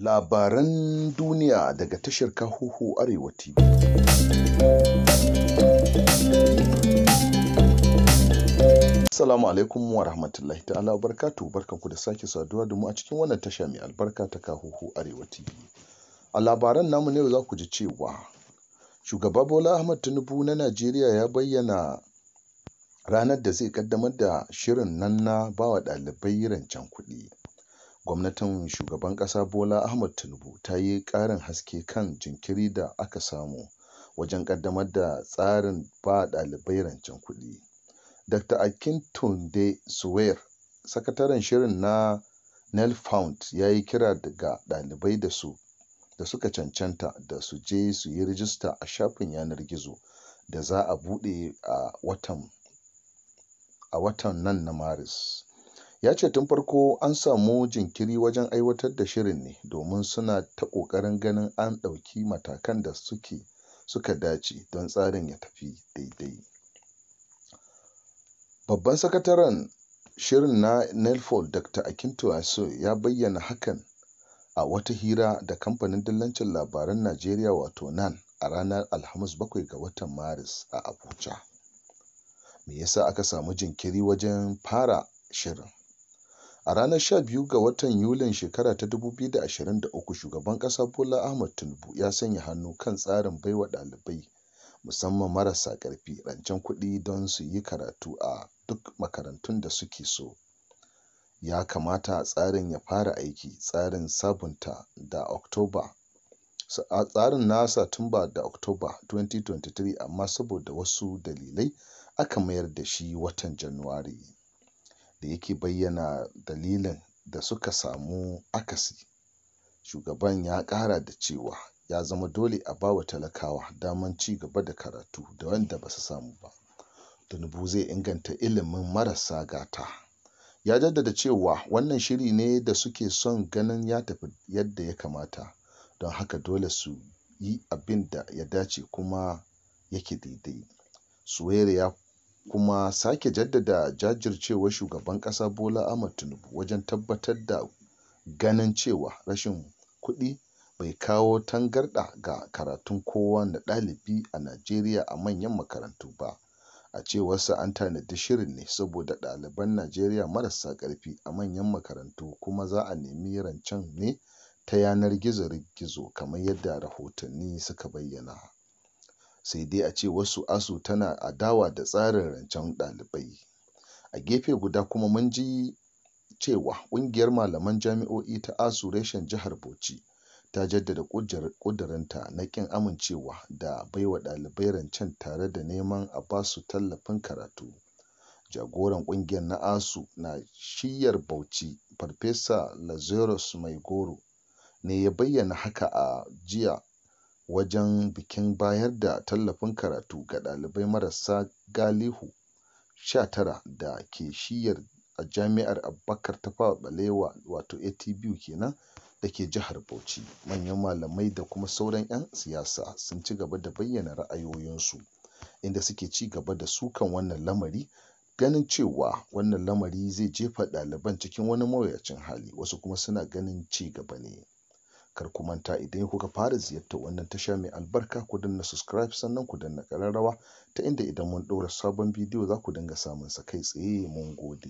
Labaran duniya daga tashar Kahuhu Arewa TV. Assalamu alaikum wa rahmatullahi ta'ala wa barkatu barkanku da sake saduwa da mu a cikin wannan tasha mai albarka ta kahuhu Arewa TV. A labaran namu na za ku ji cewa Shugaba Bola Ahmad Tinubu na Najeriya ya bayyana ranar da zai kaddamar da shirin nan na bawa ɗalibai rancen kuɗi. Gwamnatin Shugaban ƙasa Bola ahmad Tinubu ta yi ƙarin haske kan jinkiri da aka samu wajen ƙaddamar da tsarin ba ɗalibai rancen kuɗi. Dr. Akintunde suwer sakataren shirin na found ya yi kira daga ɗalibai da su da suka cancanta da su je su yi rijista a shafin yanar gizo da za a buɗe a watan nan na Maris. Ya ce tun farko an samu jinkiri wajen aiwatar da shirin ne domin suna ta ƙoƙarin ganin an ɗauki matakan da suka dace don tsarin ya tafi daidai. Babban Sakataren Shirin na Nelford, Dr. Akintoye ya bayyana hakan a wata hira da kamfanin dillancin labaran Najeriya wato NAN a ranar Alhamis 7 ga watan Maris a Abuja. Me yasa aka samu jinkiri wajen fara shirin? A ranar 12 ga watan Yulin shekara ta 2023, Shugaban ƙasa Bola Ahmed Tinubu ya sanya hannu kan tsarin baiwa ɗalibai, musamman marasa ƙarfi, rancen kuɗi don su yi karatu a duk makarantun da suke so. Ya kamata tsarin ya fara aiki tsarin sabunta da Oktoba tsarin na Satumba da Oktoba 2023 amma saboda wasu dalilai aka mayar da shi watan Januwari. da yake bayyana dalilin da suka samu akasi shugaban ya ƙara da cewa ya zama dole a bawa talakawa daman ci gaba da karatu da wanda ba su samu ba tunubu zai inganta ilimin marasa gata ya jaddada cewa wannan shiri ne da suke son ganin ya tafi yadda ya kamata don haka dole su yi abin da ya dace kuma yake daidai Suwere ya kuma sake jaddada jajircewar Shugaban kasa Bola Ahmed Tinubu wajen tabbatar da ganin cewa rashin kuɗi bai kawo tangarɗa ga karatun kowane ɗalibi a Najeriya a manyan makarantu ba, a cewarsa an tanadi shirin ne saboda ɗaliban Najeriya marasa ƙarfi a manyan makarantu kuma za a nemi rancen ne ta yanar gizo-gizo kamar yadda rahotanni suka bayyana. sai dai a ce wasu asu tana adawa da tsarin rancen ɗalibai. A gefe guda kuma mun ji cewa ƙungiyar malaman jami'o'i ta asu reshen Jihar Bauchi ta jaddada ƙudurinta na ƙin amincewa da baiwa ɗalibai rancen tare da neman a ba su tallafin karatu. Jagoran ƙungiyar na asu na shiyar Bauchi Farfesa Lazarus goro ne ya bayyana haka a jiya wajen bikin bayar da tallafin karatu ga ɗalibai marasa galihu sha tara da ke shiyar Jami'ar Abubakar ta Fawa wato (ATBU kenan) da ke Jihar Bauchi, manyan malamai da kuma sauran 'yan siyasa sun ci gaba da bayyana ra'ayoyinsu, inda suke ci gaba da sukan wannan lamari, ganin cewa wannan lamari zai jefa ɗaliban cikin wani mawuyacin hali, wasu kuma suna ganin ci gaba ne. kar ku manta idan kuka fara ziyarta wannan tasha mai albarka ku danna subscribe sannan ku danna ƙararrawa ta inda idan mun ɗora sabon bidiyo za ku dinga samun sa kai tsaye mun gode